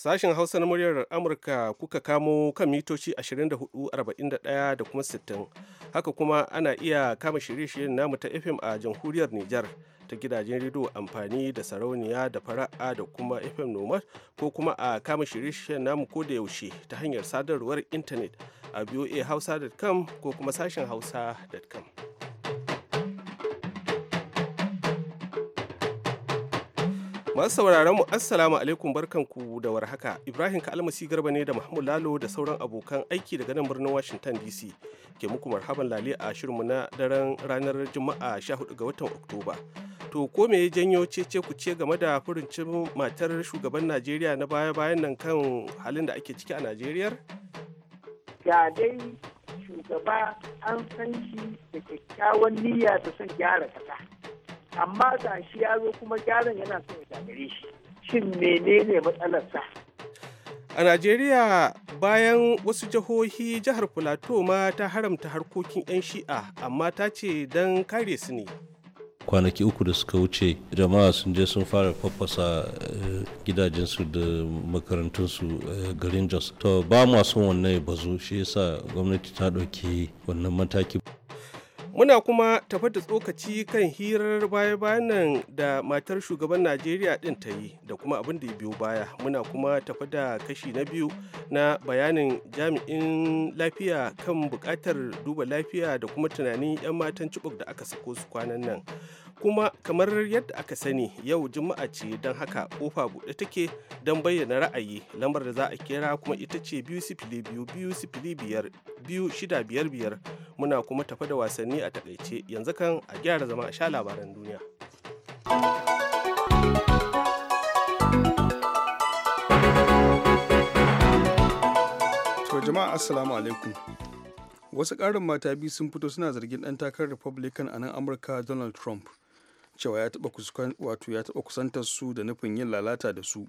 Sashen Hausa na muryar Amurka kuka kamo kan mitoci 24,41 da kuma 60. Haka kuma ana iya kama shirye-shiryen namu ta FM a jamhuriyar Nijar ta gidajen rediyo amfani da sarauniya da fara'a da kuma FM Nomad ko kuma a kama shirye-shiryen namu ko da yaushe ta hanyar sadarwar intanet a voahausa.com ko kuma sashen hausa.com. Masu sauraron mu assalamu alaikum barkanku da warhaka. Ibrahim Kalmasi Garba ne da Mahmud Lalo da sauran abokan aiki daga nan birnin Washington DC. Ke muku marhaban lale a shirinmu na daren ranar Juma'a 14 ga watan Oktoba. To ko me ya janyo cece ku ce game da furincin matar shugaban Najeriya na baya-bayan nan kan halin da ake ciki a Najeriya? Ga dai shugaba an san shi da kyakkyawan niyya da son gyara kasa. amma ga shi ya zo kuma gyaran yana son ya gagare shi shin menene matsalarsa a najeriya bayan wasu jihohi jihar plateau ma ta haramta harkokin 'yan shi'a amma ta ce don kare su ne kwanaki uku da suka wuce jama'a sun je sun fara faffasa eh, gidajensu da makarantunsu eh, garin jos to ba masu son wannan ya bazu shi yasa gwamnati ta ɗauki wannan mataki Muna kuma tafa da tsokaci kan hirar baya-bayan nan da matar shugaban Najeriya ɗin ta yi da kuma abin da ya biyo baya. Muna kuma tafa da kashi na biyu na bayanin jami'in lafiya kan bukatar duba lafiya da kuma tunanin 'yan matan cibok da aka sako su kwanan nan. kuma kamar yadda aka sani yau juma'a ce don haka kofa buɗe take don bayyana ra'ayi lambar da za a kera kuma ita ce biyu sifili biyu biyu sifili biyar biyu shida biyar biyar muna kuma tafi da wasanni a takaice yanzu kan a gyara zama a sha labaran duniya to jama'a assalamu alaikum wasu ƙarin mata biyu sun fito suna zargin ɗan takarar republican a nan amurka donald trump cewa ya taɓa kusantar su da nufin yin lalata da su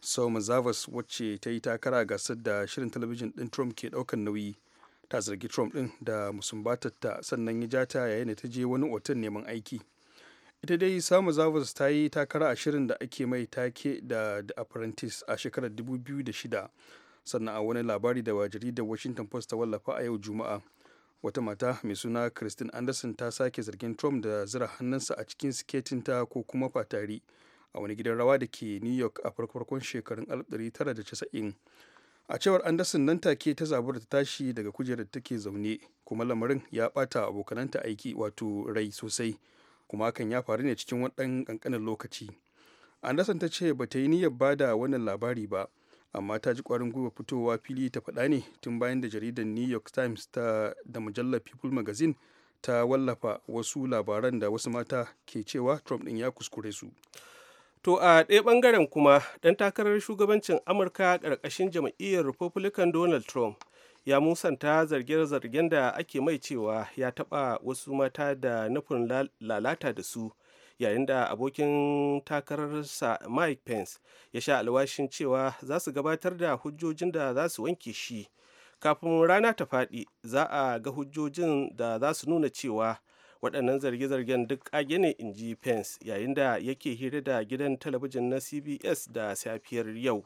sau Zavas wacce ta yi takara gasar da shirin talabijin din Trump ke ɗaukan nauyi ta zargi Trump ɗin da musumbatar ta sannan ya jata yayin da ta je wani otal neman aiki. Ita dai samu Zavas ta yi takara a shirin da ake mai take da The Apprentice a shekarar 2006 sannan a wani labari da jaridar Washington Post ta wallafa a yau Juma'a wata mata mai suna christine anderson ta sake zargin trump da zira hannunsa a cikin ta ko kuma fatari a wani gidan rawa da ke new york a farkon shekarun 1990 a cewar anderson nan take ta zabu da ta tashi daga kujerar take zaune kuma lamarin ya bata abokananta aiki wato rai sosai kuma hakan ya faru ne cikin wadan kankanin lokaci anderson ta ce ba ta yi niyyar bada wannan labari ba amma ta ji kwarin gwiwa fitowa fili ta faɗa ne tun bayan da jaridar new york times ta da mujallar people magazine ta wallafa wasu labaran da wasu mata ke cewa trump ɗin ya kuskure su to a ɗaya ɓangaren kuma ɗan takarar shugabancin amurka ƙarƙashin jam'iyyar republican donald trump ya musanta zarge-zargen da ake mai cewa ya taɓa wasu mata da nufin lalata da su yayin da abokin takararsa mike pence ya sha alwashin cewa za su gabatar da hujjojin da za su wanke shi kafin rana ta faɗi za a ga hujjojin da za su nuna cewa waɗannan zarge-zargen duk ƙage ne in ji pence yayin da yake hira da gidan talabijin na cbs da safiyar yau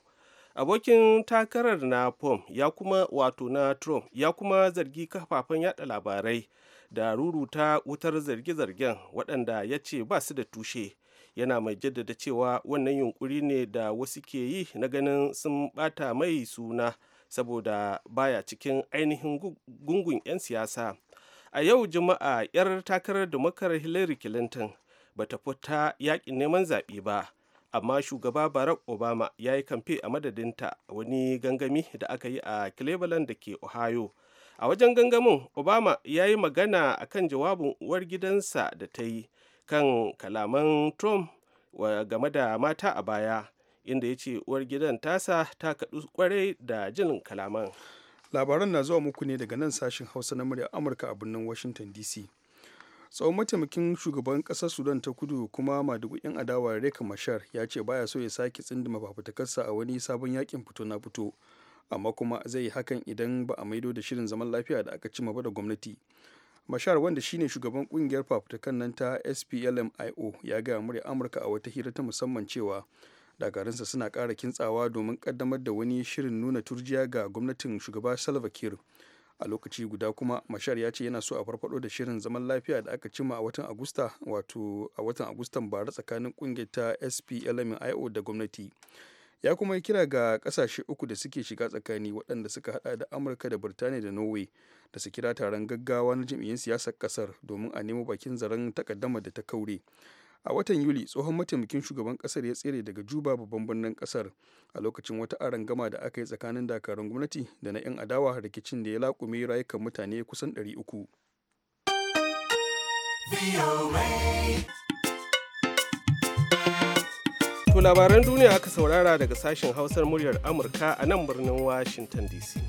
abokin takarar na pom ya kuma wato na trump ya kuma zargi kafafen yada labarai da ruruta wutar zarge-zargen waɗanda ya ce ba su da tushe yana mai jaddada cewa wannan yunkuri ne da wasu ke yi na ganin sun bata mai suna saboda baya cikin ainihin gungun 'yan siyasa a yau juma'a 'yar takarar damakar hillary clinton bata fita yaƙin neman zaɓe ba amma shugaba barack obama ya yi kamfe a madadinta wani gangami da aka yi a cleveland da ke ohio a wajen gangamin obama ya yi magana a kan jawabin uwar gidansa da ta yi kan kalaman trump game da mata a baya inda ya ce uwar gidan tasa ta kaɗu kwarai da jin kalaman labaran na zuwa muku ne daga nan sashen hausa na murya amurka a birnin washington dc tsawon mataimakin shugaban ƙasar sudan ta kudu kuma madugu adawa reka mashar ya ce baya so ya sake tsindima fafutukarsa a wani sabon yakin fito na fito amma kuma zai yi hakan idan ba a maido da shirin zaman lafiya da aka cima ba da gwamnati bashar wanda shine shugaban kungiyar fafutukan nan ta splmio ya gaya murya amurka a wata hira ta musamman cewa dakarunsa suna kara kintsawa domin ƙaddamar da wani shirin nuna turjiya ga gwamnatin shugaba salva kiir a lokaci guda kuma mashar ya ce yana so a farfado da shirin zaman lafiya da aka cima a watan agusta wato a watan agustan bara tsakanin kungiyar ta splmio da gwamnati ya kuma yi kira ga kasashe uku da suke shiga tsakani waɗanda suka hada da amurka da birtaniya da norway da su kira taron gaggawa na jam'iyyun siyasar kasar domin a nemo bakin zaren takaddama da ta kaure a watan yuli tsohon mataimakin shugaban kasar ya tsere daga juba babban birnin kasar a lokacin wata arangama da aka yi tsakanin dakarun gwamnati da na 'yan adawa rikicin da ya laƙume rayukan mutane kusan 300 labaran duniya aka saurara daga sashen hausar muryar amurka a nan birnin washington dc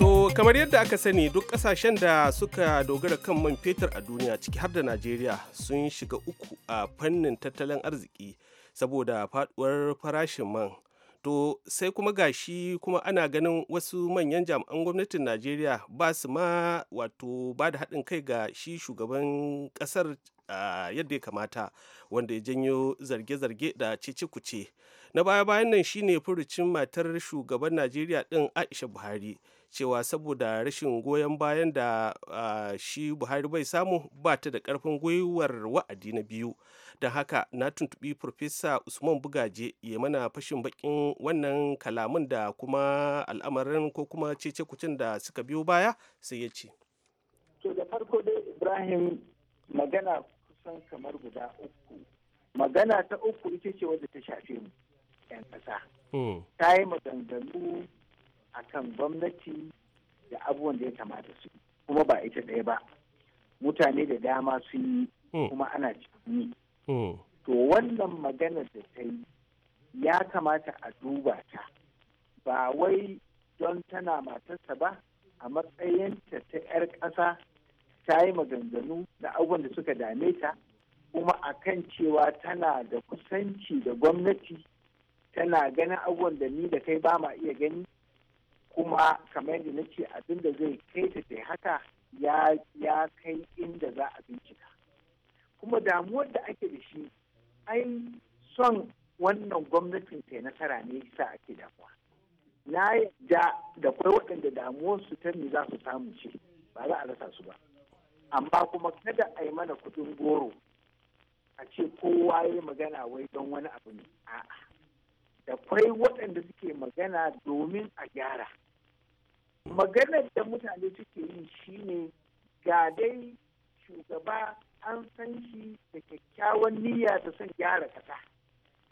to kamar yadda aka sani duk kasashen da suka dogara kan man fetur a duniya ciki har da najeriya sun shiga uku a fannin tattalin arziki saboda faduwar farashin man to sai kuma gashi kuma ana ganin wasu manyan jami'an gwamnatin najeriya ba su ma wato ba da haɗin kai ga shi shugaban ƙasar yadda ya kamata wanda ya janyo zarge-zarge da cece-kuce na baya-bayan nan shine furucin matar shugaban najeriya din aisha buhari cewa saboda rashin goyon bayan da shi buhari bai samu ba ta da karfin gwiwar wa'adi na biyu don haka na tuntubi Profesa usman bugaje ya mana fashin bakin wannan kalamin da kuma al'amarin ko kuma cece-kucin da suka biyo baya sai ya ce to da ibrahim magana kusan kamar guda uku magana ta uku ita ce wadda ta shafe mu 'yan ƙasa oh. ta yi maganganu a kan gwamnati da abubuwan da ya kamata su kuma ba ita ɗaya ba mutane da dama sun yi oh. kuma ana cikin yi oh. to wannan maganar da ta yi ya kamata a duba ta ba wai don tana matarsa ba a matsayinta ta 'yar ƙasa ta yi maganganu na abubuwan da suka dame ta kuma a kan cewa tana da kusanci da gwamnati tana ganin abubuwan da ni da kai ba ma iya gani kuma kamar yadda na ce abin da zai kai ta sai haka ya kai inda za a bincika kuma damuwar da ake da shi ai son wannan gwamnatin ta nasara ne sa ake damuwa na yadda da kwai waɗanda damuwarsu ta me za su samu ce ba za a rasa su ba amma kuma kada a yi mana kudin goro a ce kowa ya yi magana wai don wani abu ne a'a da kwai waɗanda suke magana domin a gyara maganar da mutane suke yi shine ga dai shugaba an san shi da kyakkyawan niyya da son gyara kasa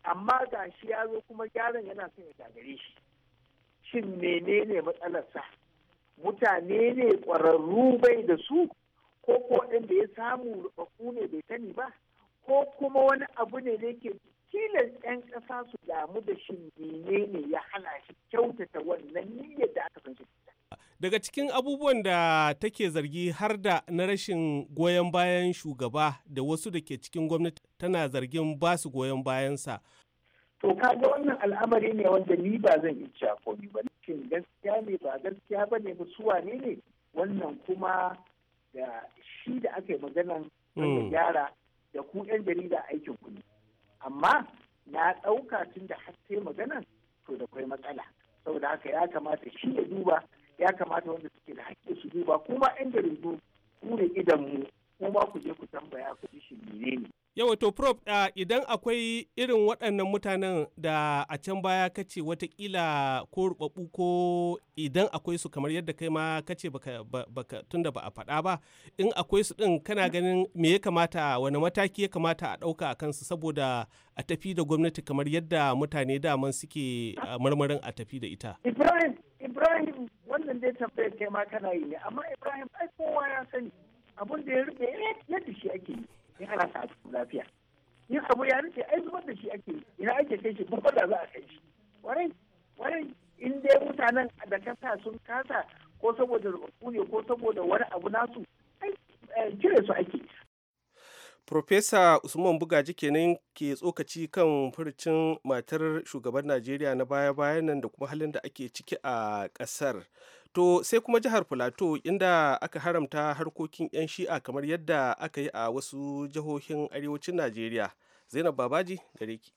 amma ga shi ya zo kuma gyaran yana son ya gagare shi shin menene matsalarsa mutane ne ƙwararru bai da su ko ko da ya samu rubaku ne bai sani ba ko kuma wani abu ne da yake tilas 'yan ƙasa su damu da shi ne ya hana shi kyautata wannan niyyar da aka san shi daga cikin abubuwan da take zargi har da na rashin goyon bayan shugaba da wasu da ke cikin gwamnati tana zargin ba su goyon bayansa. To ka ga wannan al'amari ne wanda ni ba zan yi komi ba. Shin gaskiya ne ba gaskiya ba ne suwa ne ne wannan kuma da shi da aka yi maganan ya hmm. gyara da ku 'yan jarida aikin ku amma na ɗauka tun da haske maganan to da kwai matsala saboda haka ya kamata shi ya duba ya kamata wanda suke da hakki su duba kuma 'yan jaridu ku ne idan mu kuma ku je ku tambaya ku ji shi ne Yawato Prof uh, idan akwai irin waɗannan mutanen da a can baya kace watakila ko rubabu ko idan akwai su kamar yadda kai ma kace baka, baka tunda ba a faɗa ba in akwai su ɗin kana ganin me ya kamata wani mataki ya kamata a ɗauka a kansu saboda a tafi da gwamnati kamar yadda mutane daman suke uh, marmarin a tafi da ita. Ibrahim Ibrahim wannan dai tambayar kai ma kana yi ne amma Ibrahim ai kowa ya sani abun da ya rufe eh, yadda shi ake yi. in ana cikin lafiya yin abu ya rike ai zubar da shi ake ina ake kai shi ko da za a kai shi warai warai in dai mutanen da kasa sun kasa ko saboda rubutu ne ko saboda wani abu nasu ai kire eh, su ake Profesa Usman Bugaji kenan ke tsokaci kan furcin matar shugaban Najeriya na baya-bayan nan da kuma halin da ake ciki a ƙasar. To sai kuma jihar Filato inda aka haramta harkokin 'yan shi'a kamar yadda aka yi a wasu jihohin arewacin Najeriya. Zainab Babaji gare ki.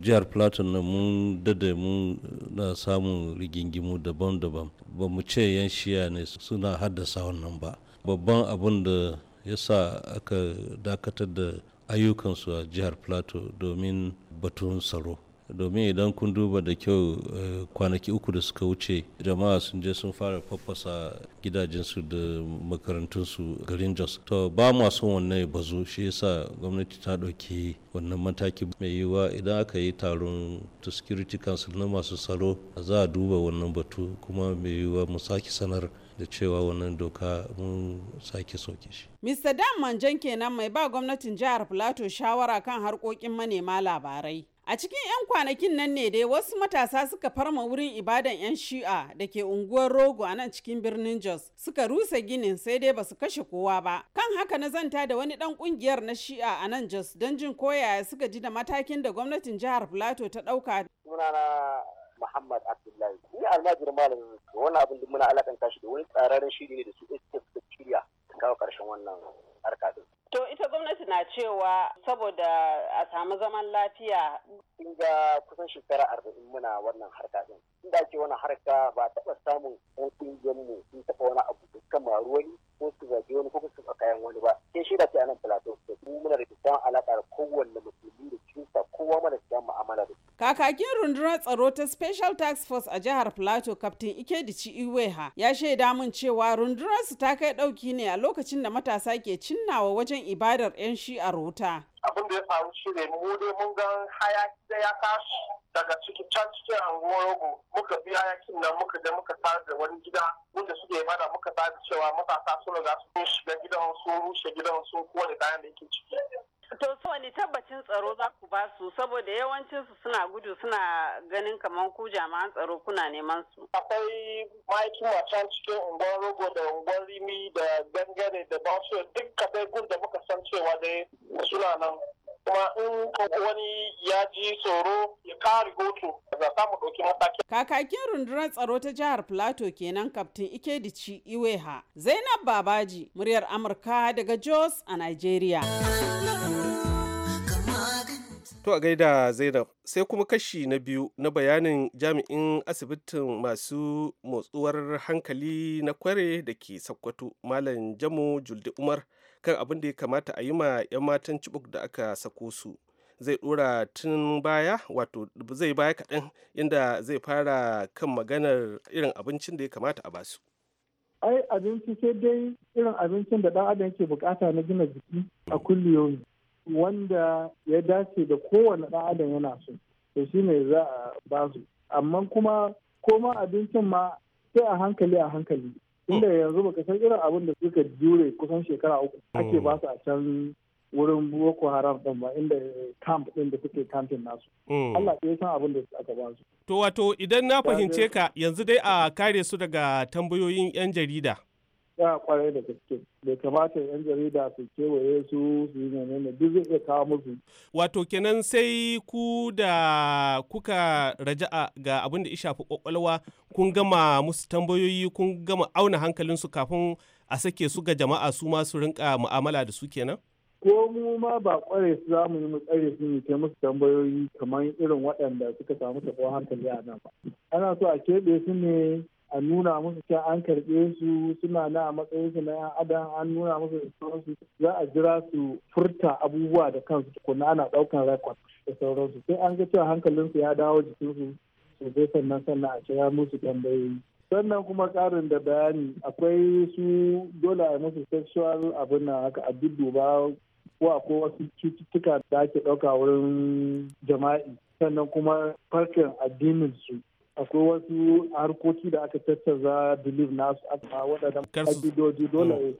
jihar plateau na mun dade mun na samun rigingimu daban-daban ba mu ce yan shi'a ne suna haddasa wannan ba babban abin da ya sa aka dakatar da ayyukansu a jihar plateau domin batun tsaro domin idan kun duba da kyau eh, kwanaki uku da suka wuce jama'a sun je sun fara faffasa gidajensu da makarantunsu garin jos to ba ma son wannan ya bazu shi yasa gwamnati ta ɗauki wannan mataki mai yiwuwa idan aka yi taron to security council na masu tsaro za a duba wannan batu kuma mai yiwuwa mu sake sanar da cewa wannan doka mun sake soke shi. Mr. Dan Manjan kenan mai ba gwamnatin jihar Plateau shawara kan harkokin manema labarai. A cikin 'yan kwanakin nan ne dai wasu matasa suka farma wurin ibadan 'yan shi'a da ke unguwar Rogo a nan cikin birnin Jos suka rusa ginin sai dai basu kashe kowa ba. Kan haka na zanta da wani dan kungiyar na shi'a a nan Jos don jin koya suka ji da matakin da gwamnatin jihar Plateau ta ɗauka. Sunana Muhammad Abdullahi. Ni wannan abin muna alakanta shi da wani tsararren shiri ne da su suka shirya kawo ƙarshen wannan harka To ita gwamnati na cewa saboda a samu zaman lafiya ga kusan shekara arba'in muna wannan harka din inda ake wani harka ba taɓa samun ɗan ƙungiyar mu sun taɓa wani abu maru wani ko su zage wani ko su kayan wani ba ke shi da ke anan plateau da mu muna da kyakkyawan alaƙa da kowanne musulmi da kirista kowa mana kyakkyawan mu'amala da su. kakakin rundunar tsaro ta special task force a jihar plateau captain ikedici iweha ya shaida min cewa rundunar su ta kai ɗauki ne a lokacin da matasa ke cinnawa wajen ibadar 'yan a rota. abin da ya faru shi ne mu dai mun ga hayaki ya tashi daga cikin can cikin rogo muka biya yakin nan muka je muka tare da wani gida wanda suke mana muka tare cewa matasa sun riga sun shiga gidan su rushe gidan su kowane kayan da yake ciki To so wani tabbacin tsaro za ku ba su saboda yawancinsu suna gudu suna ganin kamar ku jami'an tsaro kuna neman su. Akwai ma'aikin wacan cikin unguwar rogo da unguwar rimi da gangare da basu duk kaɗai gun da muka san cewa dai suna nan. kuma in wani ya ji tsoro ya kare goto za samu ɗauki mataki. Kakakin rundunar tsaro ta jihar Plateau kenan kaftin Ikedici Iweha. Zainab Babaji, muryar Amurka daga Jos a Nigeria. To a gaida Zainab sai kuma kashi na biyu na bayanin jami'in asibitin masu motsuwar hankali na kware da ke sakkwato Malam Jamo juldi Umar kan abin da ya kamata a yi ma 'yan matan cibuk da aka sako su zai dora tun baya wato zai baya kaɗan inda zai fara kan maganar irin abincin da ya kamata a basu ai abinci sai dai irin abincin da ɗan adam ke bukata na gina jiki a kulliyoyi wanda ya dace da kowane ɗan adam yana so to ne za a basu amma kuma koma abincin ma sai a hankali a hankali inda yanzu baka san irin abin da suka jure kusan shekara uku ake hmm. ba su a can wurin boko haram din ba inda camp din da suke camping nasu hmm. Allah ya san abin da aka ba su to wato idan na fahimce ka yanzu dai a kare su daga tambayoyin yan jarida tsaya kwarai da gaske bai kamata yan jarida su kewaye su su yi menene duk zai iya kawo musu wato kenan sai ku da kuka raja'a ga abin da ya shafi kwakwalwa kun gama musu tambayoyi kun gama auna hankalinsu kafin a sake su ga jama'a su ma su rinka mu'amala da su kenan ko mu ma ba kware su za mu yi mu tsare su ke musu tambayoyi kamar irin waɗanda suka samu tafiya hankali a nan ba ana so a keɓe su ne a nuna musu cewa an karɓe su suna na a matsayin su na yan adam an nuna musu sauransu za a jira su furta abubuwa da kansu tukuna ana ɗaukan rekod da sauransu sai an ga cewa hankalinsu ya dawo jikinsu zai sannan sannan a kira musu tambayoyi sannan kuma karin da bayani akwai su dole a musu sexual abin nan haka a dudduba ko akwai wasu cututtuka da ake ɗauka wurin jama'i sannan kuma farkin addinin su akwai wasu harkoki da aka tattaza believe nasu aka waɗannan ƙa'idoji dole ne.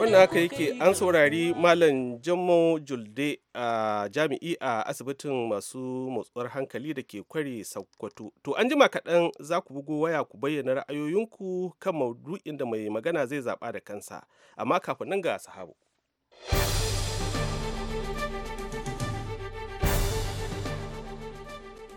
wannan haka yake an saurari malam jammo julde a jami'i a asibitin masu motsuwar hankali da ke kware sakkwato to an jima kaɗan za ku bugo waya ku bayyana ra'ayoyinku kan maudu'in da mai magana zai zaɓa da kansa amma kafin nan ga sahabu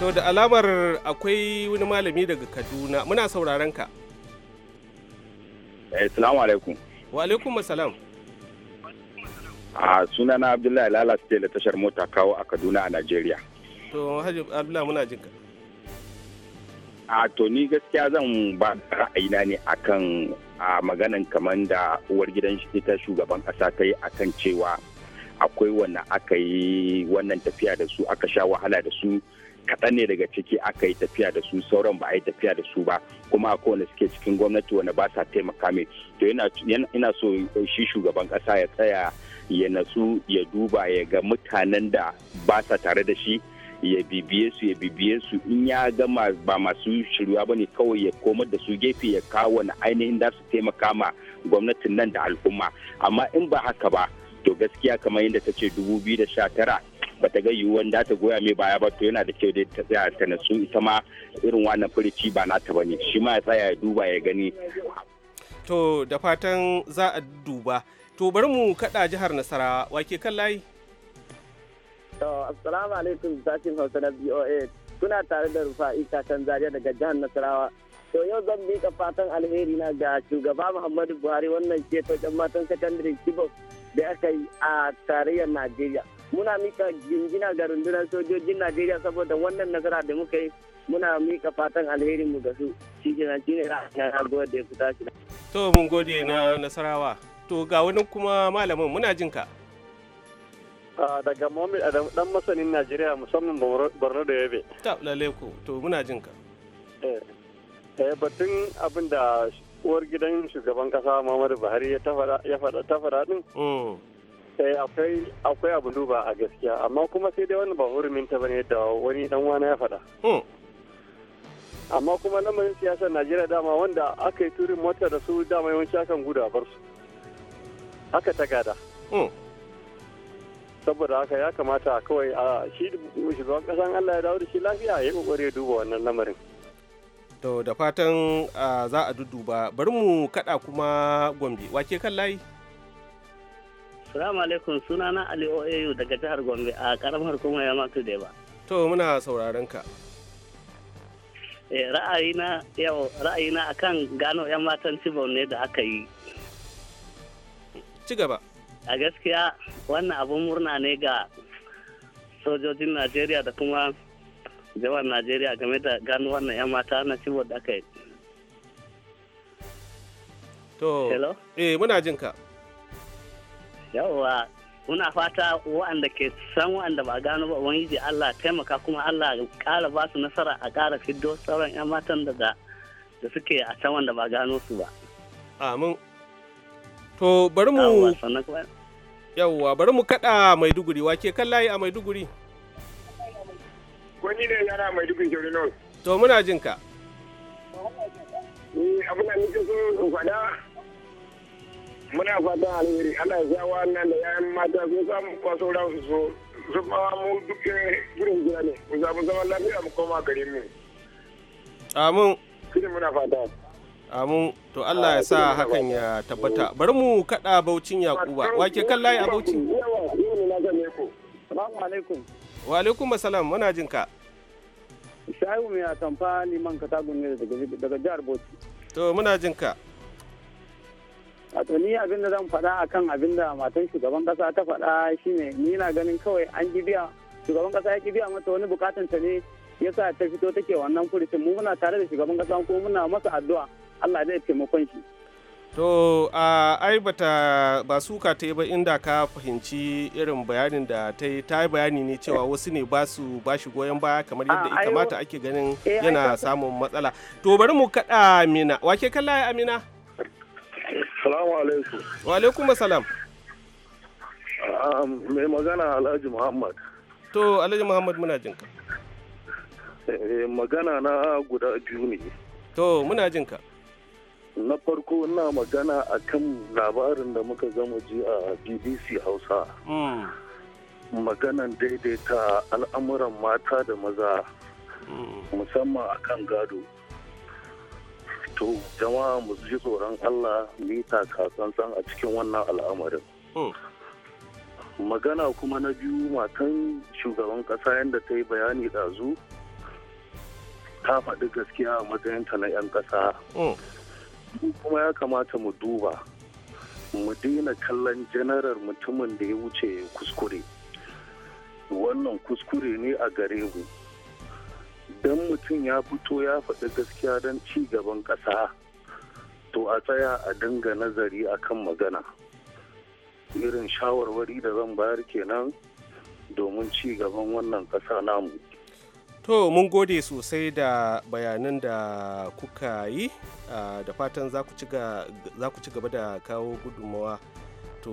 To da alamar akwai wani malami daga Kaduna muna sauraron ka. Assalamu eh, alaikum. Wa alaikum assalam. A ah, sunana Abdullahi Lala ce da tashar mota kawo a Kaduna a Najeriya. To Haji Abdullahi muna jinka. A ah, to ni gaskiya zan ba ra'ayina ne akan a ah, maganan kaman da uwar gidan ta shugaban kasa ta yi akan cewa akwai wanda aka yi wannan tafiya da su aka sha wahala da su kaɗan ne daga ciki aka yi tafiya da su sauran ba a yi tafiya da su ba kuma akwai kowane suke cikin gwamnati wanda ba sa taimaka mai to ina so shi shugaban ƙasa ya tsaya ya nasu ya duba ya ga mutanen da ba sa tare da shi ya bibiye su ya bibiye su in ya gama ba masu shirya ba ne kawai ya komar da su gefe ya kawo wani ainihin da su taimaka ma gwamnatin nan da al'umma amma in ba haka ba to gaskiya kamar yadda ta ce 2019 bata ga yiwuwan da ta goya mai baya ba to yana da kyau dai ta tsaya ta nasu ita ma irin wannan firici ba nata bane shi ma ya tsaya ya duba ya gani to da fatan za a duba to bari mu kada jihar nasarawa wake kan layi to assalamu alaikum sashin hausa na boa kuna tare da rufa'i kakan zariya daga jihar nasarawa to yau zan miƙa fatan alheri na ga shugaba muhammadu buhari wannan ceto ɗan matan sakandare kibok da aka yi a tarayyar najeriya muna mika gingina ga rundunar sojojin najeriya saboda wannan nasara da muka yi muna mika fatan alheri mu ga su shi kenan shi ne na ragowar da ku tashi to mun gode na nasarawa to ga wani kuma malamin muna jin ka daga Mohamed Adam dan masanin Najeriya musamman Borno da Yobe. Ta lalle ku to muna jin ka. Eh. Eh, batun abin da uwar gidan shugaban kasa Muhammadu Buhari ya tafara din. Mm. Eh, akwai akwai abu duba a gaskiya amma kuma sai dai wani ba hurumin ta bane da wani dan wani ya faɗa. Mm. Amma kuma lamarin siyasar Najeriya dama wanda aka yi turin mota da su dama yawanci akan gudu a bar su. Haka ta gada. Mm. saboda haka ya kamata kawai a shi shugaban kasan Allah ya dawo da shi lafiya ya yi kokari duba wannan lamarin. to da fatan za a duduba bari mu kada kuma gombe wake kan layi salamu alaikum sunana ali oau daga jihar gombe a karamar kuma ya matu da ba to muna sauraron ka eh, ra'ayina yau akan gano yan matan cibon ne da aka yi ci gaba a gaskiya wannan abun murna ne ga sojojin najeriya da kuma jama'ar najeriya game da gano wannan 'yan mata na ci da aka yi to eh muna jin ka yawwa muna fata waɗanda ke san waɗanda ba gano ba ji allah taimaka kuma allah ƙara ba su nasara a ƙara fiddo sauran 'yan matan daga da suke a can wanda ba gano su ba amin to bari mu yawwa bari mu kaɗa maiduguri ke kan layi a maiduguri wani ne yara mai dukkan jauri nan. To muna jin ka. abin da nake so in faɗa muna fata alheri Allah ya zawa nan da yayan mata sun samu kwaso da su so su ma mu duk gudun gida ne mu samu zama lafiya mu koma garin mu. Amin. Kini muna fata. Amin. To Allah ya sa hakan ya tabbata. Bari mu kaɗa Baucin Yakuba. Wake kan layi a Baucin. Yawa, ne na ku. Assalamu alaikum. Wa alaikum salam muna jin ka. Shayu mai atamfa liman tagun ne daga jihar Bauchi. To muna jin ka. wato ni abin da zan faɗa akan abin da matan shugaban kasa ta faɗa shine ni na ganin kawai an biya shugaban ƙasa ya biya mata wani bukatan ta ne ya sa ta fito take wannan furucin mu muna tare da shugaban kasa ko muna masa addu'a Allah zai taimakon shi to a ai bata ba suka ta yi ba inda ka fahimci irin bayanin da ta yi ta yi bayani ne cewa eh. wasu ne ba su ba shi goyon baya kamar yadda ita ah, mata ake ganin eh, yana samun matsala to bari mu kaɗa amina wake kalla ya amina salamu alaikum wa alaikum salam mai magana alhaji muhammad to alhaji muhammad muna ka. Eh, magana na guda biyu ne to muna ka. na farko na magana a kan labarin da muka zama ji a bbc hausa hmm. maganan daidaita al'amuran mata da maza hmm. musamman a kan gado to jama'a mu ji tsoron allah ni kasansan a cikin wannan al'amarin hmm. magana kuma na biyu matan shugaban kasa yadda ta yi bayani ɗazu ta faɗi gaskiya a matsayinta na 'yan ƙasa kuma ya kamata mu duba mu daina kallon janarar mutumin da ya wuce kuskure wannan kuskure ne a gare mu don mutum ya fito ya faɗi gaskiya don ci gaban ƙasa to a tsaya a dinga nazari a kan magana irin shawarwari da zan bayar kenan domin ci gaban wannan ƙasa namu to mun gode sosai da bayanan da kuka yi da fatan za ku ci gaba da kawo gudunmawa to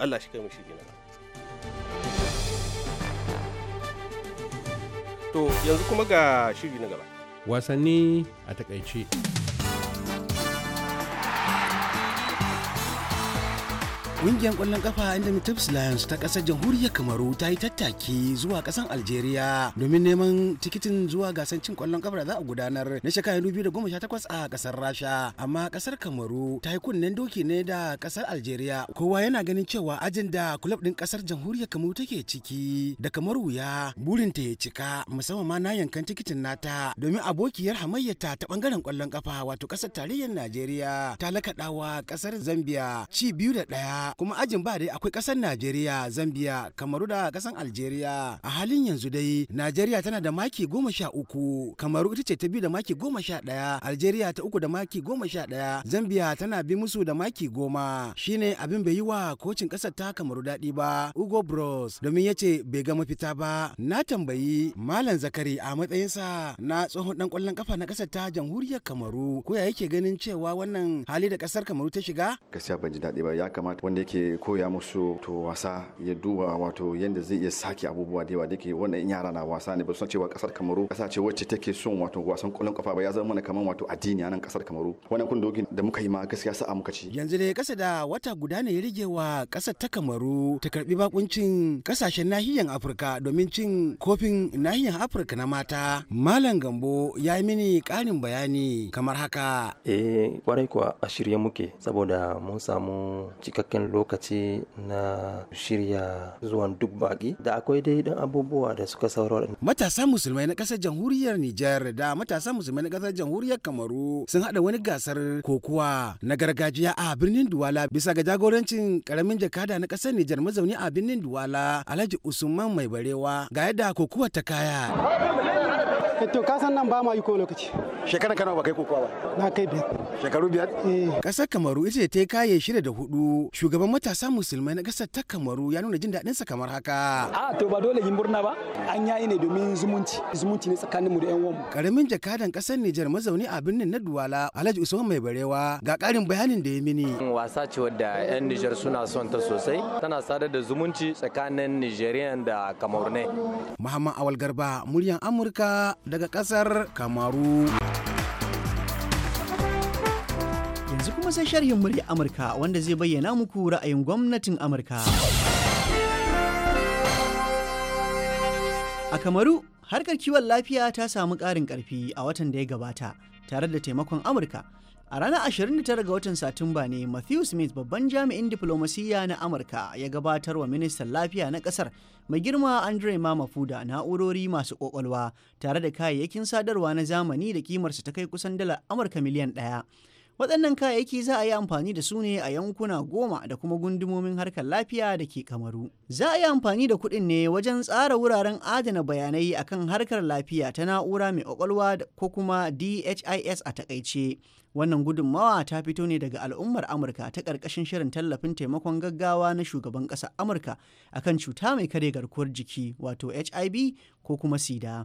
allah shi kai mu gina. to yanzu kuma ga shiri na gaba wasanni a takaice Ƙungiyar ƙwallon ƙafa Indomitables Lions ta ƙasar jamhuriyar Kamaru ta yi tattaki zuwa ƙasar Algeria domin neman tikitin zuwa gasar cin ƙwallon ƙafa da za a gudanar na shekara 2018 a ƙasar Rasha. Amma ƙasar Kamaru ta yi kunnen doki ne da ƙasar Algeria. Kowa yana ganin cewa ajin da kulab ɗin ƙasar jamhuriyar Kamaru take ciki da Kamaru burin ta ya cika musamman ma na yankan tikitin nata domin abokiyar hamayyata ta ɓangaren ƙwallon ƙafa wato ƙasar tarayyar Najeriya ta lakaɗawa ƙasar Zambia ci biyu da ɗaya kuma ajin ba dai akwai kasar Najeriya, Zambia, Kamaru da kasar Algeria. A halin yanzu dai Najeriya tana da maki goma sha uku, Kamaru ita ce ta biyu da maki goma sha daya, Algeria ta uku da maki goma sha daya, Zambia tana bi musu da maki goma. Shine abin bai yi wa kocin kasar ta Kamaru daɗi ba, Ugo Bros, domin ya ce bai ga mafita ba. Na tambayi Malam Zakari a matsayinsa na tsohon ɗan ƙwallon ƙafa na kasar ta Jamhuriyar Kamaru, ko ya yake ganin cewa wannan hali da kasar Kamaru ta shiga? Gaskiya ban ji daɗi ba, ya kamata wanda ke koya musu to wasa ya duba wato yadda zai iya sake abubuwa da yawa da yake wannan yara na wasa ne ba san cewa kasar kamaru kasa ce wacce take son wato wasan kwallon kafa ba ya zama mana kamar wato addini a nan kasar kamaru wannan kundogin da muka yi ma gaskiya sa'a muka ci yanzu dai kasa da wata guda ne ya rige wa kasar ta kamaru ta karbi bakuncin kasashen nahiyar afirka domin cin kofin nahiyar afirka na mata malam gambo ya yi mini karin bayani kamar haka eh kwarai kuwa a shirye muke saboda mun samu cikakken lokaci na shirya zuwan duk baki da akwai dai dan abubuwa da suka sauro matasan musulmai na kasar jamhuriyar Nijar da matasan musulmai na kasar jamhuriyar Kamaru sun hada wani gasar kokuwa na gargajiya a birnin Duwala bisa ga jagorancin karamin jakada na kasar Nijar mazauni a birnin Duwala Alhaji Usman Mai Barewa ga yadda kokuwa ta kaya Eh, to kasan nan ba ma yi ko lokaci shekaran kana ba kai kokowa ba na kai biyar shekaru biyar kasar eh. kamaru ita ta kaye shida da hudu shugaban matasa musulmai na kasar ta kamaru ya nuna jin daɗin sa kamar haka a to ba dole yin murna ba an yayi ne domin zumunci zumunci ne tsakanin mu da yan uwan mu karamin jakadan kasar Nijar mazauni a birnin na Duwala Alhaji Usman Mai Barewa ga ƙarin bayanin da ya mini wasa ce wadda yan Nijar suna son ta sosai tana sadar da zumunci tsakanin Nijeriyan da ne Muhammad Awal Garba muryan Amurka daga ƙasar Kamaru. Yanzu kuma sai sharhin murya Amurka wanda zai bayyana muku ra'ayin gwamnatin Amurka. A Kamaru, harkar kiwon lafiya ta samu ƙarin ƙarfi a watan da ya gabata tare da taimakon Amurka. A ranar 29 ga watan Satumba ne Matthew Smith babban jami'in diplomasiyya na Amurka ya gabatar wa ministan lafiya na kasar mai girma Andre Mamafuda na'urori masu kwakwalwa tare da kayayyakin sadarwa na zamani da ƙimarsa ta kai kusan dalar Amurka miliyan ɗaya. waɗannan kayayyaki za a yi amfani da su ne a yankuna goma da kuma gundumomin harkar lafiya da ke kamaru za a yi amfani da kuɗin ne wajen tsara wuraren adana bayanai akan harkar lafiya ta na'ura mai ƙwaƙwalwa ko kuma dhis a takaice wannan gudunmawa ta fito ne daga al'ummar amurka ta ƙarƙashin shirin tallafin taimakon gaggawa na shugaban ƙasa amurka akan cuta mai kare garkuwar jiki wato hiv ko kuma sida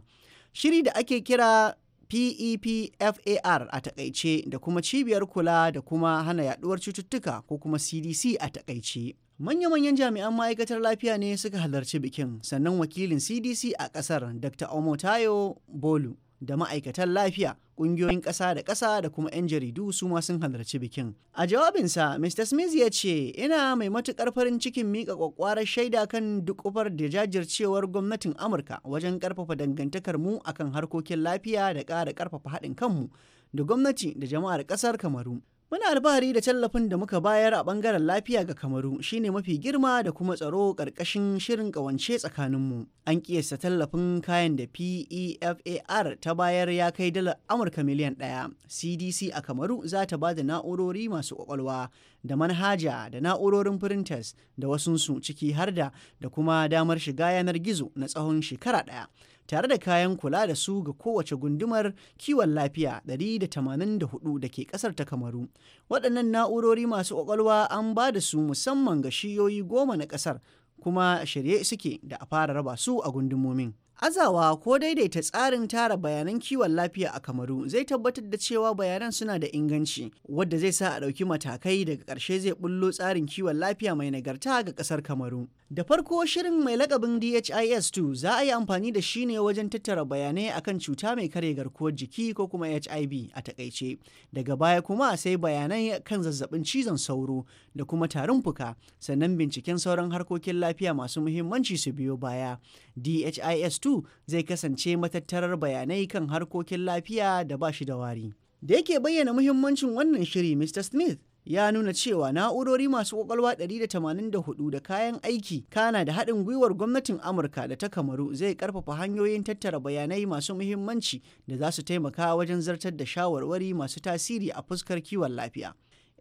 shiri da ake kira PEPFAR a takaice da kuma cibiyar kula da kuma hana yaduwar cututtuka ko kuma CDC a takaice. Manya-manyan jami'an ma'aikatar lafiya ne suka halarci bikin sannan wakilin CDC a ƙasar Dr. Omotayo Bolu da ma'aikatan lafiya ƙungiyoyin ƙasa da ƙasa da kuma 'yan jaridu su ma sun halarci bikin. A jawabinsa, Mr. Smith ya ce, "Ina mai matuƙar farin cikin miƙa ƙwaƙwarar shaida kan dukufar da jajircewar gwamnatin Amurka wajen ƙarfafa dangantakar mu akan harkokin lafiya da ƙara ƙarfafa haɗin kanmu da gwamnati da jama'ar ƙasar Kamaru." Muna alfahari da tallafin da muka bayar a bangaren lafiya ga Kamaru shine mafi girma da kuma tsaro ƙarƙashin shirin ƙawance tsakaninmu. An ƙiyasta tallafin kayan da PEFAR ta bayar ya kai dalar Amurka miliyan ɗaya. CDC a Kamaru za ta ba da na'urori masu ƙwaƙwalwa da manhaja da na'urorin printers da wasunsu ciki har da da kuma damar shiga yanar gizo na tsawon shekara ɗaya. tare da kayan kula da su ga kowace gundumar kiwon lafiya 184 da ke kasar ta kamaru waɗannan na'urori masu ƙwaƙwalwa an ba da su musamman ga shiyoyi goma na ƙasar kuma shirye suke da a fara raba su a gundumomin Azawa ko daidaita tsarin tara bayanan kiwon lafiya a Kamaru zai tabbatar da cewa bayanan suna da inganci, wadda zai sa a ɗauki matakai daga ƙarshe zai bullo tsarin kiwon lafiya mai nagarta ga ƙasar Kamaru. Da farko shirin mai lakabin DHIS2 za a yi amfani da shi ne wajen tattara bayanai akan cuta mai karya garkuwar jiki ko kuma HIV a takaice. Daga baya kuma sai bayanai kan zazzabin cizon sauro da kuma tarin fuka, sannan binciken sauran harkokin lafiya masu muhimmanci su biyo baya. DHIS2 karatu zai kasance matattarar bayanai kan harkokin lafiya da ba shi da wari. Da yake bayyana muhimmancin wannan shiri Mr. Smith ya nuna cewa na'urori masu kwakwalwa 184 da kayan aiki kana da haɗin gwiwar gwamnatin amurka da ta kamaru zai karfafa hanyoyin tattara bayanai masu muhimmanci da za su taimaka wajen zartar da shawarwari masu tasiri a fuskar kiwon lafiya.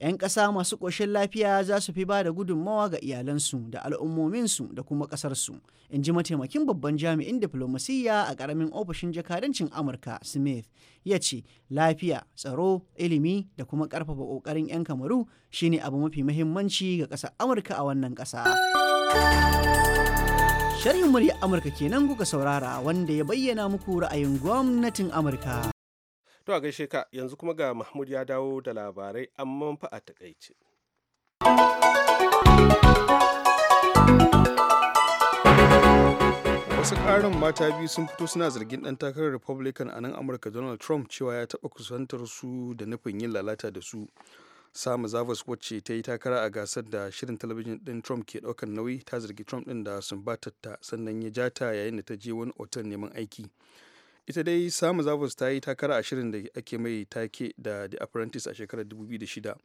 'yan ƙasa masu ƙoshin lafiya za su fi ba da gudunmawa ga iyalansu da al'ummominsu da kuma ƙasarsu in ji mataimakin babban jami'in diflomasiyya a ƙaramin ofishin jakadancin amurka smith ya ce lafiya tsaro ilimi da kuma ƙarfafa ƙoƙarin 'yan kamaru shine abu mafi mahimmanci ga ƙasar amurka a wannan ƙasa sharhin murya amurka kenan kuka saurara wanda ya bayyana muku ra'ayin gwamnatin amurka To a gaishe ka yanzu kuma ga Mahmud ya dawo da labarai amma fa a takaice. wasu ƙarin mata biyu sun fito suna zargin ɗan takarar republican a nan amurka donald trump cewa ya taɓa kusantar su da nufin yin lalata da su sama zavos wacce ta yi takara a gasar da shirin talabijin ɗin trump ke ɗaukar nauyi ta zargi trump ɗin da sun batatta sannan ya jata yayin da ta je wani otal neman aiki ita dai samu zavos ta yi takara a shirin da ake mai take da the apprentice a shekarar 2006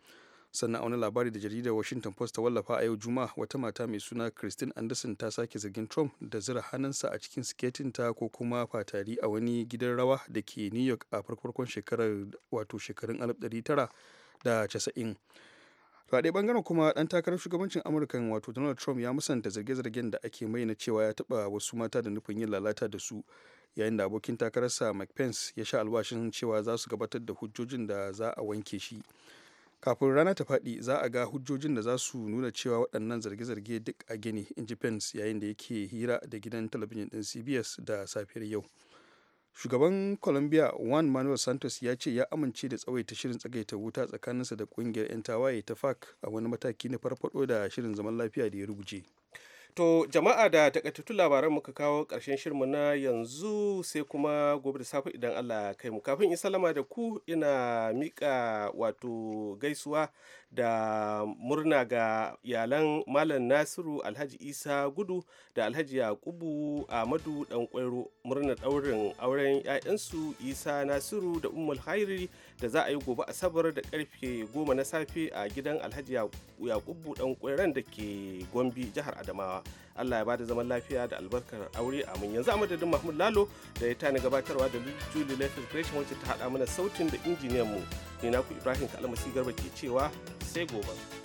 sannan a wani labari da jaridar washington post ta wallafa a yau juma wata mata mai suna christine anderson ta sake zargin trump da zira hannunsa a cikin siketin ta ko kuma fatari a wani gidan rawa da ke new york a farkon shekarar wato shekarun 1990 faɗe bangaren kuma ɗan takarar shugabancin amurka wato donald trump ya musanta zarge-zargen da ake mai na cewa ya taɓa wasu mata da nufin yin lalata da su yayin da abokin takararsa mike pence ya sha alwashin cewa za su gabatar da hujjojin da za a wanke shi kafin rana ta faɗi za a ga hujjojin da za su nuna cewa waɗannan zarge-zarge duk a gini inji ji pence yayin da yake hira da gidan talabijin ɗin cbs da safiyar yau shugaban colombia juan manuel santos ya ce ya amince da tsawaita shirin tsagaita wuta tsakaninsa da ƙungiyar 'yan tawaye ta fac a wani mataki na farfaɗo da shirin zaman lafiya da ya rubuce. To jama'a da takaitattun labaran muka kawo ƙarshen shirmu na yanzu sai kuma gobe da safe idan Allah kai mu. Kafin in salama da ku ina miƙa wato gaisuwa da murna ga yalan malam nasiru alhaji isa gudu da alhaji yakubu amadu dan kwairo murnar daurin auren 'ya'yansu isa nasiru da ummul hairi da za a yi gobe asabar da karfe goma na safe a gidan alhaji yakubu dan kwairon da ke gombe jihar adamawa allah ya bada zaman lafiya da albarkar aure a amin yanzu a madadin mahmud lalo da ya tani gabatarwa da julie lefis gresham wacce ta haɗa mana sautin da injiniyan mu ne naku ibrahim kalmasi garba ke cewa sai gobe.